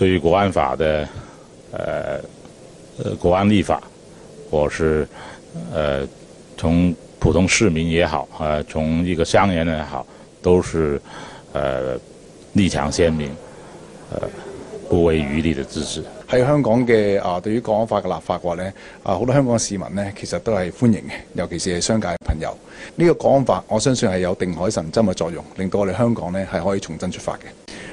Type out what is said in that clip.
對於國安法的，呃，呃國安立法，或是，呃，從普通市民也好，啊、呃，從一個商人也好，都是，呃，立場鮮明，呃，不遺餘力的支持。喺香港嘅啊，對於國安法嘅立法嘅話咧，啊，好多香港市民呢，其實都係歡迎嘅，尤其是係商界嘅朋友。呢、這個國安法，我相信係有定海神針嘅作用，令到我哋香港呢，係可以重新出發嘅。